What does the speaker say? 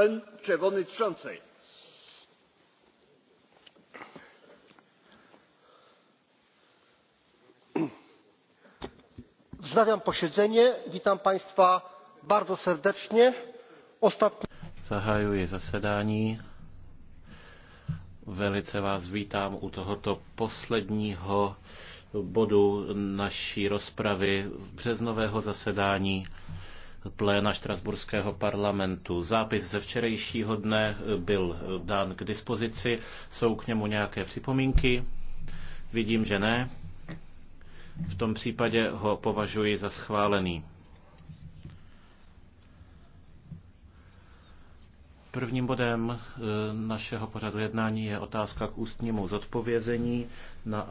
pan przewodniczący! wznawiam posiedzenie. witam państwa bardzo serdecznie. zahajuji zasedání. velice vás vítám u tohoto posledního bodu naší rozpravy březnového zasedání pléna Štrasburského parlamentu. Zápis ze včerejšího dne byl dán k dispozici. Jsou k němu nějaké připomínky? Vidím, že ne. V tom případě ho považuji za schválený. Prvním bodem eh, našeho pořadu jednání je otázka k ústnímu zodpovězení na